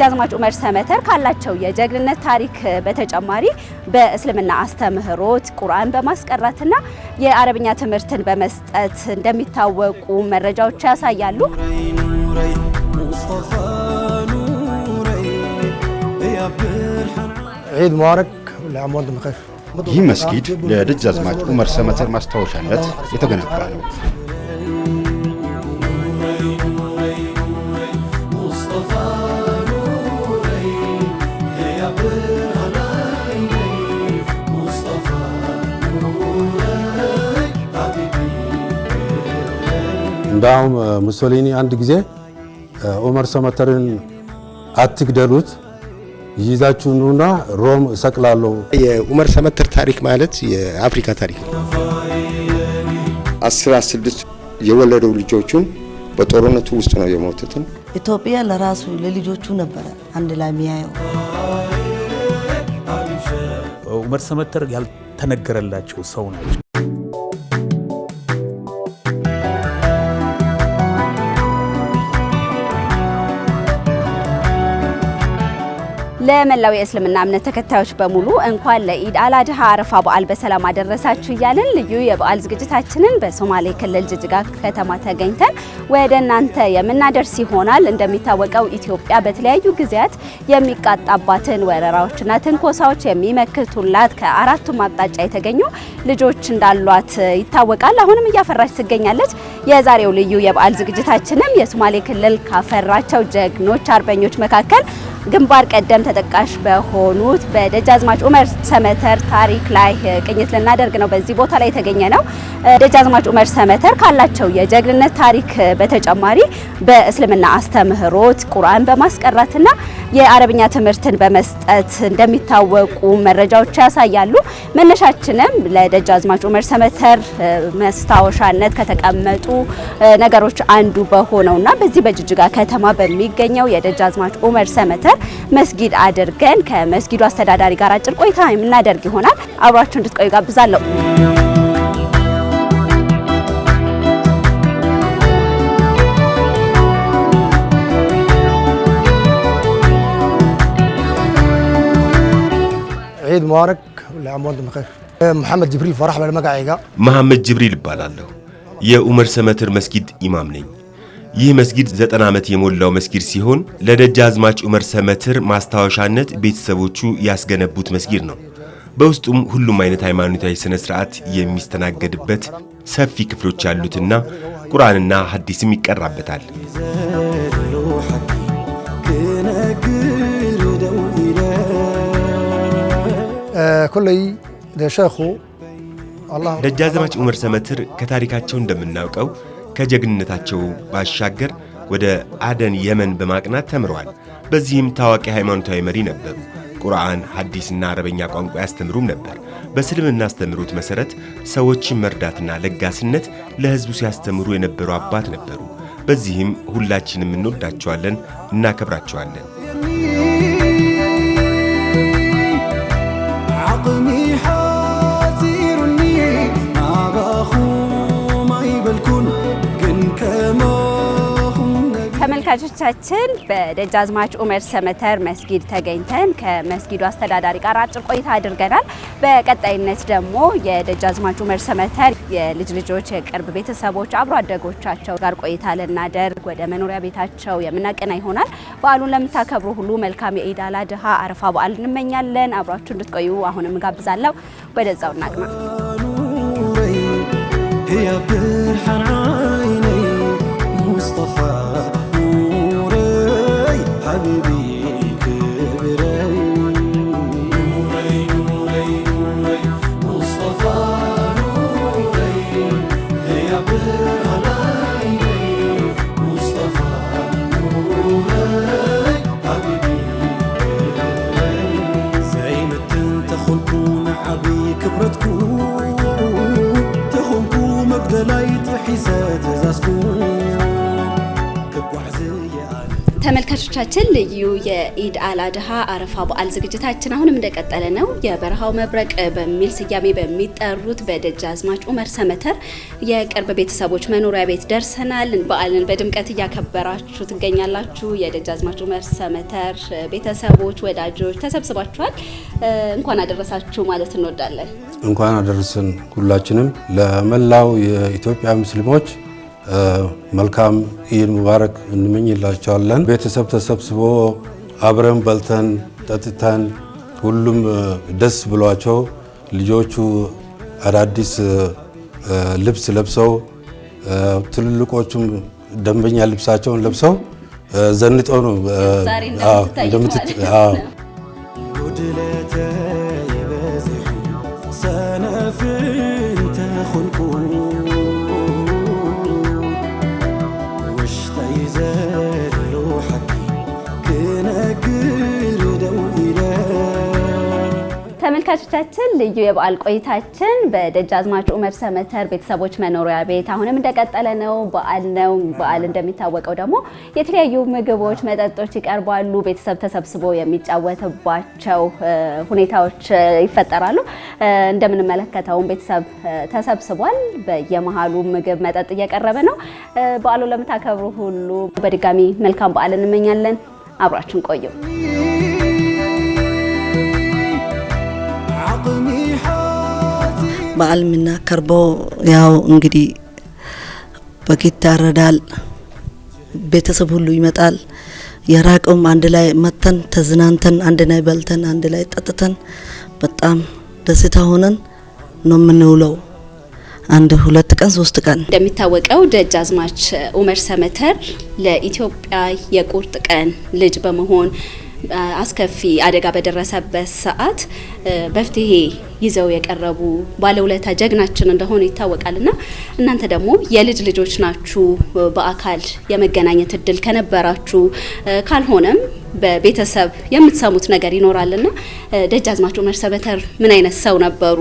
ደጃዝማች ዑመር ሰመተር ካላቸው የጀግንነት ታሪክ በተጨማሪ በእስልምና አስተምህሮት ቁርአን በማስቀራትና የአረብኛ ትምህርትን በመስጠት እንደሚታወቁ መረጃዎች ያሳያሉ። ዒድ ሙባረክ ለአሞን ይህ መስጊድ ለደጃዝማች ዑመር ሰመተር ማስታወሻነት የተገነባ ነው። እንዳውም ሙሶሊኒ አንድ ጊዜ ኡመር ሰመተርን አትግደሉት ይዛችሁ ኑና ሮም እሰቅላለሁ። የኡመር ሰመተር ታሪክ ማለት የአፍሪካ ታሪክ ነው። አስራ ስድስት የወለዱ ልጆቹን በጦርነቱ ውስጥ ነው የሞቱትን። ኢትዮጵያ ለራሱ ለልጆቹ ነበረ አንድ ላይ የሚያየው። ኡመር ሰመተር ያልተነገረላቸው ሰው ናቸው። ለመላው የእስልምና እምነት ተከታዮች በሙሉ እንኳን ለኢድ አልአድሃ አረፋ በዓል በሰላም አደረሳችሁ እያልን ልዩ የበዓል ዝግጅታችንን በሶማሌ ክልል ጅጅጋ ከተማ ተገኝተን ወደ እናንተ የምናደርስ ይሆናል። እንደሚታወቀው ኢትዮጵያ በተለያዩ ጊዜያት የሚቃጣባትን ወረራዎችና ትንኮሳዎች የሚመክቱላት ከአራቱም አቅጣጫ የተገኙ ልጆች እንዳሏት ይታወቃል። አሁንም እያፈራች ትገኛለች። የዛሬው ልዩ የበዓል ዝግጅታችንም የሶማሌ ክልል ካፈራቸው ጀግኖች አርበኞች መካከል ግንባር ቀደም ተጠቃሽ በሆኑት በደጃዝማች ኡመር ሰመተር ታሪክ ላይ ቅኝት ልናደርግ ነው። በዚህ ቦታ ላይ የተገኘ ነው። ደጃዝማች ኡመር ሰመተር ካላቸው የጀግንነት ታሪክ በተጨማሪ በእስልምና አስተምህሮት ቁርአን በማስቀራትና የአረብኛ ትምህርትን በመስጠት እንደሚታወቁ መረጃዎች ያሳያሉ። መነሻችንም ለደጃዝማች ኡመር ሰመተር መስታወሻነት ከተቀመጡ ነገሮች አንዱ በሆነውና በዚህ በጅጅጋ ከተማ በሚገኘው የደጃዝማች ኡመር ሰመተር መስጊድ አድርገን ከመስጊዱ አስተዳዳሪ ጋር አጭር ቆይታ የምናደርግ ይሆናል። አብራችሁ እንድትቆዩ ጋብዛለሁ። ዒድ ሙባረክ ለአሞን መኸር መሐመድ ጅብሪል ፈራህ በለመጋይጋ መሐመድ ጅብሪል እባላለሁ። የኡመር ሰመትር መስጊድ ኢማም ነኝ። ይህ መስጊድ ዘጠና ዓመት የሞላው መስጊድ ሲሆን ለደጃዝማች ኡመር ሰመትር ማስታወሻነት ቤተሰቦቹ ያስገነቡት መስጊድ ነው። በውስጡም ሁሉም አይነት ሃይማኖታዊ ሥነ ሥርዓት የሚስተናገድበት ሰፊ ክፍሎች ያሉትና ቁርአንና ሐዲስም ይቀራበታል። ኮለይ ደሸኹ ደጃዝማች ዑመር ሰመትር ከታሪካቸው እንደምናውቀው ከጀግንነታቸው ባሻገር ወደ አደን የመን በማቅናት ተምረዋል። በዚህም ታዋቂ ሃይማኖታዊ መሪ ነበሩ። ቁርአን፣ ሐዲስና አረበኛ ቋንቋ ያስተምሩም ነበር። በእስልምና አስተምሮት መሠረት ሰዎችን መርዳትና ለጋስነት ለሕዝቡ ሲያስተምሩ የነበሩ አባት ነበሩ። በዚህም ሁላችንም እንወዳቸዋለን፣ እናከብራቸዋለን። ተመልካቾቻችን በደጃዝማች ኡመር ሰመተር መስጊድ ተገኝተን ከመስጊዱ አስተዳዳሪ ጋር አጭር ቆይታ አድርገናል። በቀጣይነት ደግሞ የደጃዝማች ኡመር ሰመተር የልጅ ልጆች፣ የቅርብ ቤተሰቦች፣ አብሮ አደጎቻቸው ጋር ቆይታ ልናደርግ ወደ መኖሪያ ቤታቸው የምናቀና ይሆናል። በዓሉን ለምታከብሩ ሁሉ መልካም የኢድ አል አድሃ አረፋ በዓል እንመኛለን። አብሯችሁ እንድትቆዩ አሁንም ጋብዛለሁ። ወደዛው እናቅና ተመልካቾቻችን ልዩ የኢድ አልአድሃ አረፋ በዓል ዝግጅታችን አሁንም እንደቀጠለ ነው። የበረሃው መብረቅ በሚል ስያሜ በሚጠሩት በደጃዝማች ኡመር ሰመተር የቅርብ ቤተሰቦች መኖሪያ ቤት ደርሰናል። በዓልን በድምቀት እያከበራችሁ ትገኛላችሁ። የደጃዝማች ኡመር ሰመተር ቤተሰቦች፣ ወዳጆች ተሰብስባችኋል። እንኳን አደረሳችሁ ማለት እንወዳለን። እንኳን አደረሰን ሁላችንም ለመላው የኢትዮጵያ ሙስሊሞች መልካም ኢድ ሙባረክ እንመኝላቸዋለን። ቤተሰብ ተሰብስቦ አብረን በልተን ጠጥተን ሁሉም ደስ ብሏቸው ልጆቹ አዳዲስ ልብስ ለብሰው ትልልቆቹም ደንበኛ ልብሳቸውን ለብሰው ዘንጦ ነው እንደምት ተመልካቾቻችን ልዩ የበዓል ቆይታችን በደጃዝማች ዑመር ሰመተር ቤተሰቦች መኖሪያ ቤት አሁንም እንደቀጠለ ነው። በዓል ነው። በዓል እንደሚታወቀው ደግሞ የተለያዩ ምግቦች፣ መጠጦች ይቀርባሉ። ቤተሰብ ተሰብስቦ የሚጫወትባቸው ሁኔታዎች ይፈጠራሉ። እንደምንመለከተውም ቤተሰብ ተሰብስቧል። በየመሃሉ ምግብ፣ መጠጥ እየቀረበ ነው። በዓሉ ለምታከብሩ ሁሉ በድጋሚ መልካም በዓል እንመኛለን። አብራችን ቆዩ። በዓል የምናከርበው ያው እንግዲህ በግ ይታረዳል፣ ቤተሰብ ሁሉ ይመጣል። የራቀውም አንድ ላይ መተን ተዝናንተን አንድ ላይ በልተን አንድ ላይ ጠጥተን በጣም ደስታ ሆነን ነው የምንውለው። አንድ ሁለት ቀን ሶስት ቀን እንደሚታወቀው ደጃዝማች ኡመር ሰመተር ለኢትዮጵያ የቁርጥ ቀን ልጅ በመሆን አስከፊ አደጋ በደረሰበት ሰዓት መፍትሄ ይዘው የቀረቡ ባለውለታ ጀግናችን እንደሆኑ ና እናንተ ደግሞ የልጅ ልጆች ናችሁ። በአካል የመገናኘት እድል ከነበራችሁ ካልሆነም በቤተሰብ የምትሰሙት ነገር ይኖራልና ደጃዝማች ዑመር ሰበተር ምን አይነት ሰው ነበሩ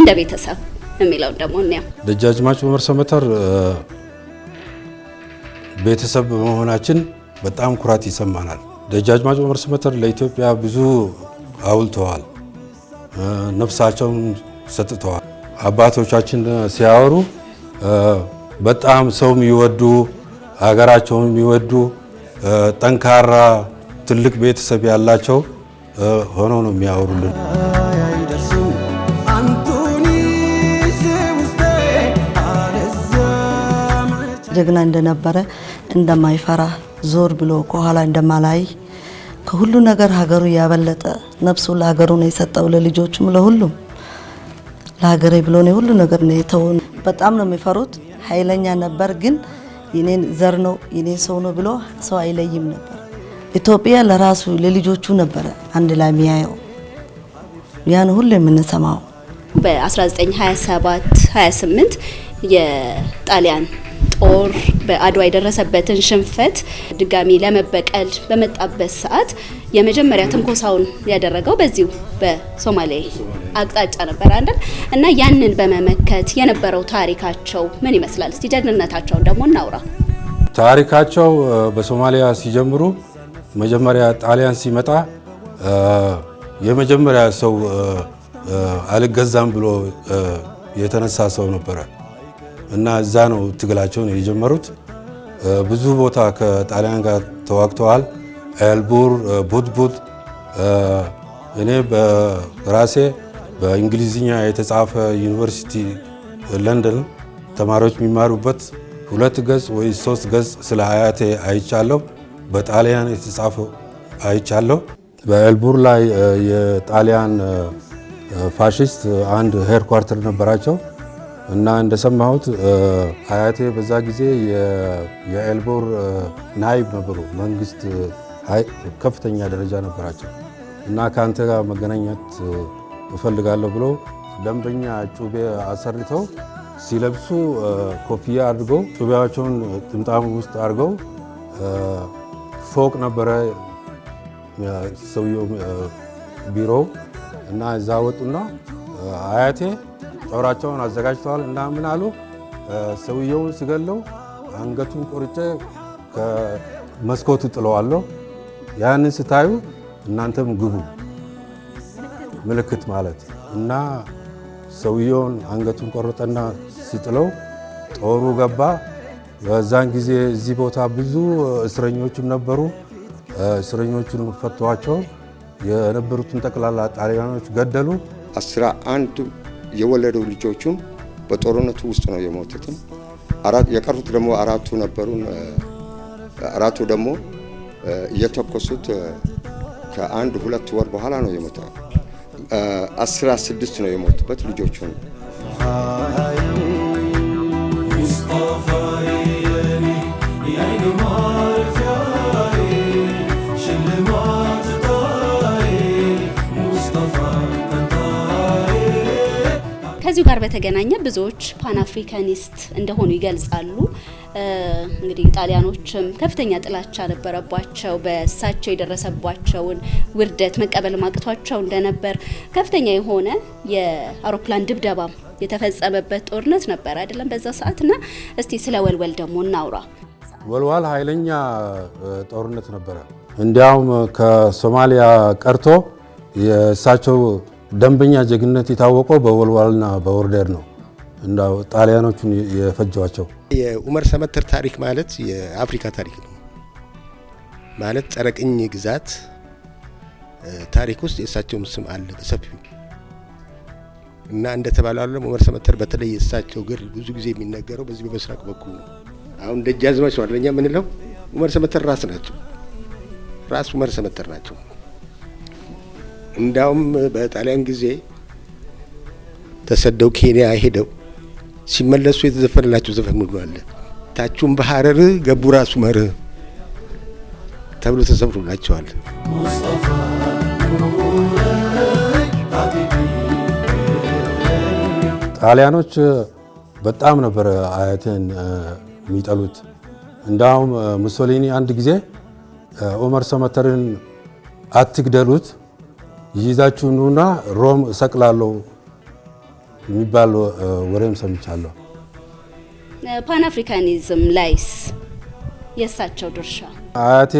እንደ ቤተሰብ የሚለውን ደግሞ እንያ ደጃዝማች ዑመር ሰበተር ቤተሰብ በመሆናችን በጣም ኩራት ይሰማናል። ደጃጅ ዑመር ስመተር ለኢትዮጵያ ብዙ አውልተዋል፣ ነፍሳቸውን ሰጥተዋል። አባቶቻችን ሲያወሩ በጣም ሰው የሚወዱ ሀገራቸውን የሚወዱ ጠንካራ ትልቅ ቤተሰብ ያላቸው ሆኖ ነው የሚያወሩልን። ጀግና እንደነበረ እንደማይፈራ ዞር ብሎ ከኋላ እንደማላይ ከሁሉ ነገር ሀገሩ ያበለጠ ነፍሱ ለሀገሩ ነው የሰጠው፣ ለልጆቹም፣ ለሁሉም ለሀገሬ ብሎ ነው ሁሉ ነገር ነው የተው። በጣም ነው የሚፈሩት። ኃይለኛ ነበር፣ ግን የኔን ዘር ነው የኔ ሰው ነው ብሎ ሰው አይለይም ነበር። ኢትዮጵያ ለራሱ ለልጆቹ ነበረ አንድ ላይ የሚያየው ያን ሁሉ የምንሰማው በ1927 28 የጣሊያን ጦር በአድዋ የደረሰበትን ሽንፈት ድጋሚ ለመበቀል በመጣበት ሰዓት የመጀመሪያ ትንኮሳውን ያደረገው በዚሁ በሶማሌ አቅጣጫ ነበር አይደል? እና ያንን በመመከት የነበረው ታሪካቸው ምን ይመስላል? እስቲ ጀግንነታቸውን ደግሞ እናውራ። ታሪካቸው በሶማሊያ ሲጀምሩ መጀመሪያ ጣሊያን ሲመጣ የመጀመሪያ ሰው አልገዛም ብሎ የተነሳ ሰው ነበረ። እና እዛ ነው ትግላቸውን የጀመሩት። ብዙ ቦታ ከጣሊያን ጋር ተዋግተዋል። ኤልቡር፣ ቡትቡት። እኔ በራሴ በእንግሊዝኛ የተጻፈ ዩኒቨርሲቲ ለንደን ተማሪዎች የሚማሩበት ሁለት ገጽ ወይ ሶስት ገጽ ስለ አያቴ አይቻለሁ። በጣሊያን የተጻፈ አይቻለሁ። በኤልቡር ላይ የጣሊያን ፋሽስት አንድ ሄድኳርተር ነበራቸው። እና እንደሰማሁት አያቴ በዛ ጊዜ የኤልቦር ናይብ ነበሩ፣ መንግስት ከፍተኛ ደረጃ ነበራቸው። እና ከአንተ ጋር መገናኘት እፈልጋለሁ ብሎ ደንበኛ ጩቤ አሰርተው ሲለብሱ ኮፍያ አድርገው ጩቤያቸውን ጥምጣም ውስጥ አድርገው ፎቅ ነበረ ሰውየው ቢሮው እና እዛ ወጡና አያቴ ጦራቸውን አዘጋጅተዋል እና ምን አሉ ሰውየውን ስገለው አንገቱን ቆርጬ ከመስኮቱ ጥለዋለሁ። ያንን ስታዩ እናንተም ግቡ ምልክት ማለት እና ሰውየውን አንገቱን ቆርጠና ሲጥለው ጦሩ ገባ። በዛን ጊዜ እዚህ ቦታ ብዙ እስረኞችም ነበሩ። እስረኞቹን ፈቷቸው የነበሩትን ጠቅላላ ጣሊያኖች ገደሉ። አስራ አንድ የወለዱ ልጆቹም በጦርነቱ ውስጥ ነው የሞቱትም። የቀሩት ደግሞ አራቱ ነበሩ። አራቱ ደግሞ የተኮሱት ከአንድ ሁለት ወር በኋላ ነው የሞተው። አስራ ስድስት ነው የሞቱበት ልጆቹ ነው። ከዚሁ ጋር በተገናኘ ብዙዎች ፓን አፍሪካኒስት እንደሆኑ ይገልጻሉ። እንግዲህ ጣሊያኖችም ከፍተኛ ጥላቻ ነበረባቸው። በእሳቸው የደረሰባቸውን ውርደት መቀበል ማቅቷቸው እንደነበር ከፍተኛ የሆነ የአውሮፕላን ድብደባ የተፈጸመበት ጦርነት ነበር አይደለም በዛ ሰዓት እና እስቲ ስለ ወልወል ደግሞ እናውራ። ወልዋል ኃይለኛ ጦርነት ነበረ። እንዲያውም ከሶማሊያ ቀርቶ የእሳቸው ደንበኛ ጀግንነት የታወቀው በወልዋልና በወርደር ነው እና ጣሊያኖቹን የፈጀዋቸው። የኡመር ሰመተር ታሪክ ማለት የአፍሪካ ታሪክ ነው ማለት ጸረቅኝ ግዛት ታሪክ ውስጥ የእሳቸውም ስም አለ በሰፊው እና እንደተባለ አለ ኡመር ሰመተር በተለይ የእሳቸው ግር ብዙ ጊዜ የሚነገረው በዚህ በምስራቅ በኩል ነው። አሁን ደጃዝማች ነው አይደለኛ የምንለው ኡመር ሰመተር ራስ ናቸው። ራስ ኡመር ሰመተር ናቸው። እንዳውም በጣሊያን ጊዜ ተሰደው ኬንያ ሄደው ሲመለሱ የተዘፈንላቸው ዘፈን ሙሉ አለ። ታችሁም በሀረር ገቡ ራሱ መርህ ተብሎ ተዘፍኖላቸዋል። ጣሊያኖች በጣም ነበር አያትን የሚጠሉት። እንዳውም ሙሶሊኒ አንድ ጊዜ ኦመር ሰመተርን አትግደሉት ይዛችሁ ኑና ሮም እሰቅላለሁ የሚባል ወሬም ሰምቻለሁ። ፓን አፍሪካኒዝም ላይስ የእሳቸው ድርሻ? አያቴ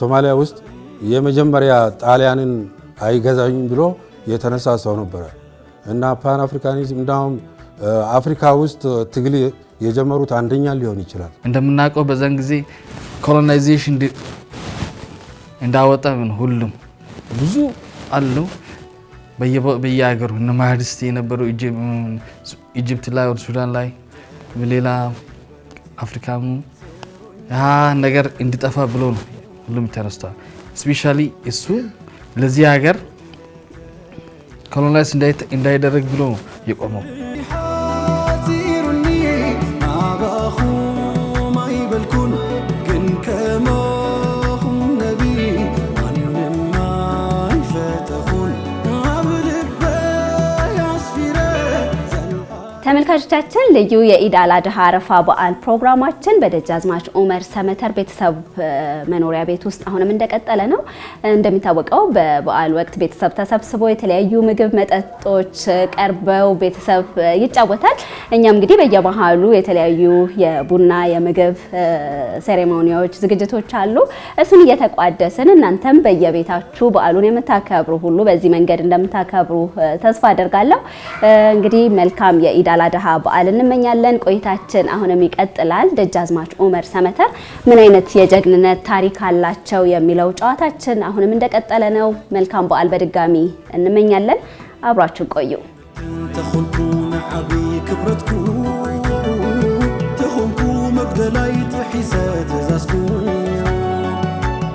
ሶማሊያ ውስጥ የመጀመሪያ ጣሊያንን አይገዛኝም ብሎ የተነሳ ሰው ነበረ እና ፓን አፍሪካኒዝም እንዳሁም አፍሪካ ውስጥ ትግል የጀመሩት አንደኛ ሊሆን ይችላል። እንደምናውቀው በዛን ጊዜ ኮሎናይዜሽን እንዳወጣ ምን ሁሉም ብዙ አሉ። በየሀገሩ እነ ማህዲስት የነበረው ኢጅፕት ላይ ወደ ሱዳን ላይ ሌላ አፍሪካኑ ያ ነገር እንዲጠፋ ብሎ ነው ሁሉም ተነስተዋል። ስፔሻሊ እሱ ለዚህ ሀገር ኮሎናይዝ እንዳይደረግ ብሎ የቆመው። ተመልካቾቻችን ልዩ የኢድ አል አድሃ አረፋ በዓል ፕሮግራማችን በደጃዝማች ኡመር ሰመተር ቤተሰብ መኖሪያ ቤት ውስጥ አሁንም እንደቀጠለ ነው። እንደሚታወቀው በበዓል ወቅት ቤተሰብ ተሰብስቦ የተለያዩ ምግብ መጠጦች ቀርበው ቤተሰብ ይጫወታል። እኛም እንግዲህ በየመሃሉ የተለያዩ የቡና የምግብ ሴሬሞኒዎች፣ ዝግጅቶች አሉ። እሱን እየተቋደስን እናንተም በየቤታችሁ በዓሉን የምታከብሩ ሁሉ በዚህ መንገድ እንደምታከብሩ ተስፋ አደርጋለሁ። እንግዲህ መልካም የኢድ አል አድሃ የፍስሐ በዓል እንመኛለን። ቆይታችን አሁንም ይቀጥላል። ደጃዝማች ኡመር ሰመተር ምን አይነት የጀግንነት ታሪክ አላቸው የሚለው ጨዋታችን አሁንም እንደቀጠለ ነው። መልካም በዓል በድጋሚ እንመኛለን። አብራችሁ ቆዩ። ተዛዝኩ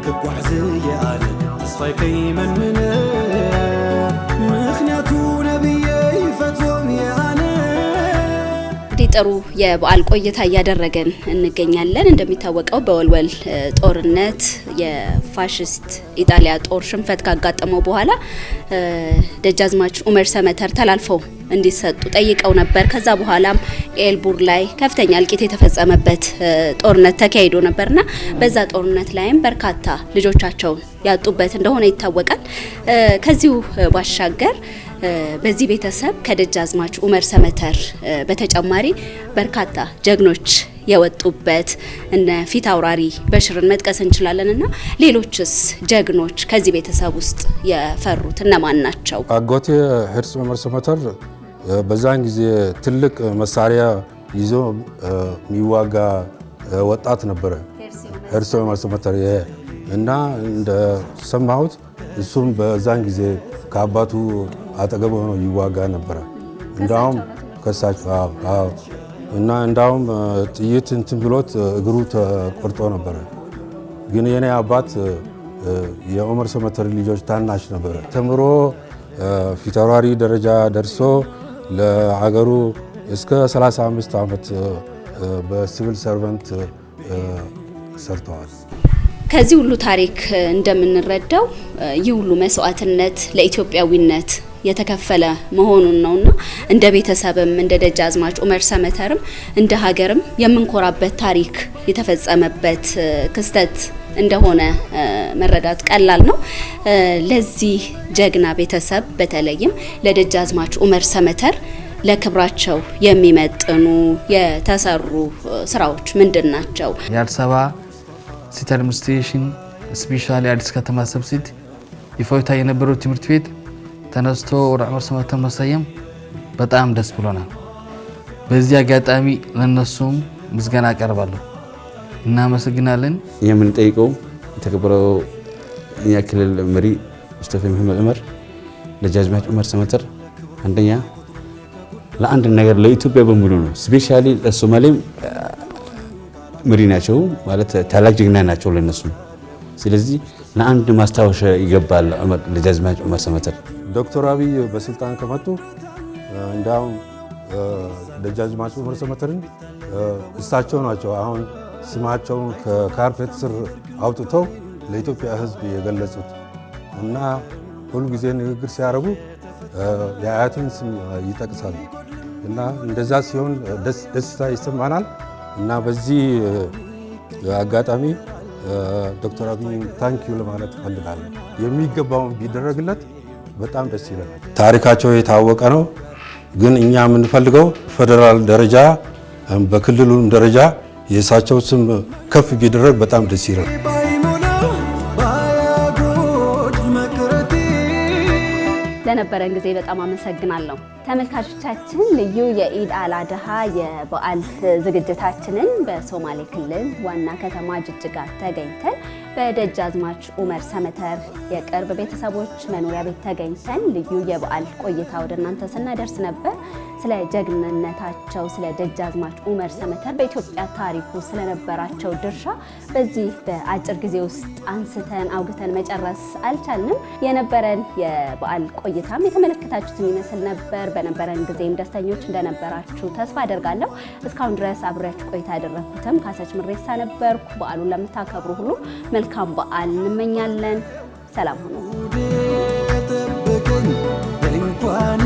ክጓዕዝ የኣለ ተስፋይ ከይመንምን ጥሩ የበዓል ቆይታ እያደረገን እንገኛለን። እንደሚታወቀው በወልወል ጦርነት የፋሽስት ኢጣሊያ ጦር ሽንፈት ካጋጠመው በኋላ ደጃዝማች ኡመር ሰመተር ተላልፈው እንዲሰጡ ጠይቀው ነበር። ከዛ በኋላም ኤልቡር ላይ ከፍተኛ እልቂት የተፈጸመበት ጦርነት ተካሂዶ ነበርና በዛ ጦርነት ላይም በርካታ ልጆቻቸውን ያጡበት እንደሆነ ይታወቃል። ከዚሁ ባሻገር በዚህ ቤተሰብ ከደጃዝማች ኡመር ሰመተር በተጨማሪ በርካታ ጀግኖች የወጡበት እነ ፊት አውራሪ በሽርን መጥቀስ እንችላለን። እና ሌሎችስ ጀግኖች ከዚህ ቤተሰብ ውስጥ የፈሩት እነማን ናቸው? አጎቴ ህርስ ኡመር ሰመተር በዛን ጊዜ ትልቅ መሳሪያ ይዞ የሚዋጋ ወጣት ነበረ። ህርስ ኡመር ሰመተር እና እንደሰማሁት እሱም በዛን ጊዜ ከአባቱ አጠገብ ሆኖ ይዋጋ ነበረ። እንዳውም ከሳቸው እና እንዳውም ጥይት እንትን ብሎት እግሩ ተቆርጦ ነበረ። ግን የኔ አባት የኦመር ሰመተሪ ልጆች ታናሽ ነበረ። ተምሮ ፊታውራሪ ደረጃ ደርሶ ለአገሩ እስከ 35 ዓመት በሲቪል ሰርቨንት ሰርተዋል። ከዚህ ሁሉ ታሪክ እንደምንረዳው ይህ ሁሉ መስዋዕትነት ለኢትዮጵያዊነት የተከፈለ መሆኑን ነውና እንደ ቤተሰብም እንደ ደጃዝማች ኡመር ሰመተርም እንደ ሀገርም የምንኮራበት ታሪክ የተፈጸመበት ክስተት እንደሆነ መረዳት ቀላል ነው። ለዚህ ጀግና ቤተሰብ በተለይም ለደጃዝማች ኡመር ሰመተር ለክብራቸው የሚመጥኑ የተሰሩ ስራዎች ምንድን ናቸው? የአዲስ አበባ ሲቲ አድሚኒስትሬሽን ስፔሻሊ አዲስ ከተማ ሰብሲድ ይፋ የነበረው ትምህርት ቤት ተነስቶ ወደ ዑምራ ሰመተ መሰየም በጣም ደስ ብሎናል። በዚህ አጋጣሚ ለነሱም ምስጋና አቀርባለሁ። እናመሰግናለን። የምንጠይቀው የተከበረው የኛ ክልል መሪ ሙስጠፌ መሐመድ ዑመር ለጃዝማች ዑመር ሰመተር አንደኛ ለአንድ ነገር ለኢትዮጵያ በሙሉ ነው። ስፔሻሊ ለሶማሌም መሪ ናቸው ማለት ታላቅ ጀግና ናቸው ለነሱ። ስለዚህ ለአንድ ማስታወሻ ይገባል ለጃዝማች ዑመር ሰመተር ዶክተር አብይ በስልጣን ከመጡ እንዲያውም ደጃዝማች ዑመር ሰመተርን እሳቸው ናቸው አሁን ስማቸውን ከካርፔት ስር አውጥተው ለኢትዮጵያ ሕዝብ የገለጹት እና ሁልጊዜ ንግግር ሲያደርጉ የአያትን ስም ይጠቅሳሉ እና እንደዛ ሲሆን ደስታ ይሰማናል እና በዚህ አጋጣሚ ዶክተር አብይ ታንኪዩ ለማለት እፈልጋለሁ። የሚገባውን ቢደረግለት በጣም ደስ ይለናል። ታሪካቸው የታወቀ ነው። ግን እኛ የምንፈልገው ፌደራል ደረጃ በክልሉም ደረጃ የእሳቸው ስም ከፍ ቢደረግ በጣም ደስ ይላል። ለነበረን ጊዜ በጣም አመሰግናለሁ። ተመልካቾቻችን ልዩ የኢድ አል የበዓል ዝግጅታችንን በሶማሌ ክልል ዋና ከተማ ጅጅጋ ተገኝተን በደጃዝማች ኡመር ሰመተር የቅርብ ቤተሰቦች መኖሪያ ቤት ተገኝተን ልዩ የበዓል ቆይታ ወደ እናንተ ስናደርስ ነበር። ስለ ጀግንነታቸው፣ ስለ ደጃዝማች ኡመር ሰመተር በኢትዮጵያ ታሪኩ ስለነበራቸው ድርሻ በዚህ በአጭር ጊዜ ውስጥ አንስተን አውግተን መጨረስ አልቻልንም። የነበረን የበዓል ቆይታም የተመለከታችሁትን ይመስል ነበር። በነበረን ጊዜም ደስተኞች እንደነበራችሁ ተስፋ አደርጋለሁ። እስካሁን ድረስ አብሬያችሁ ቆይታ ያደረኩትም ካሰች ምሬሳ ነበርኩ። በዓሉን ለምታከብሩ ሁሉ መልካም በዓል እንመኛለን። ሰላም ሁኑ። ጠብቀኝ እንኳን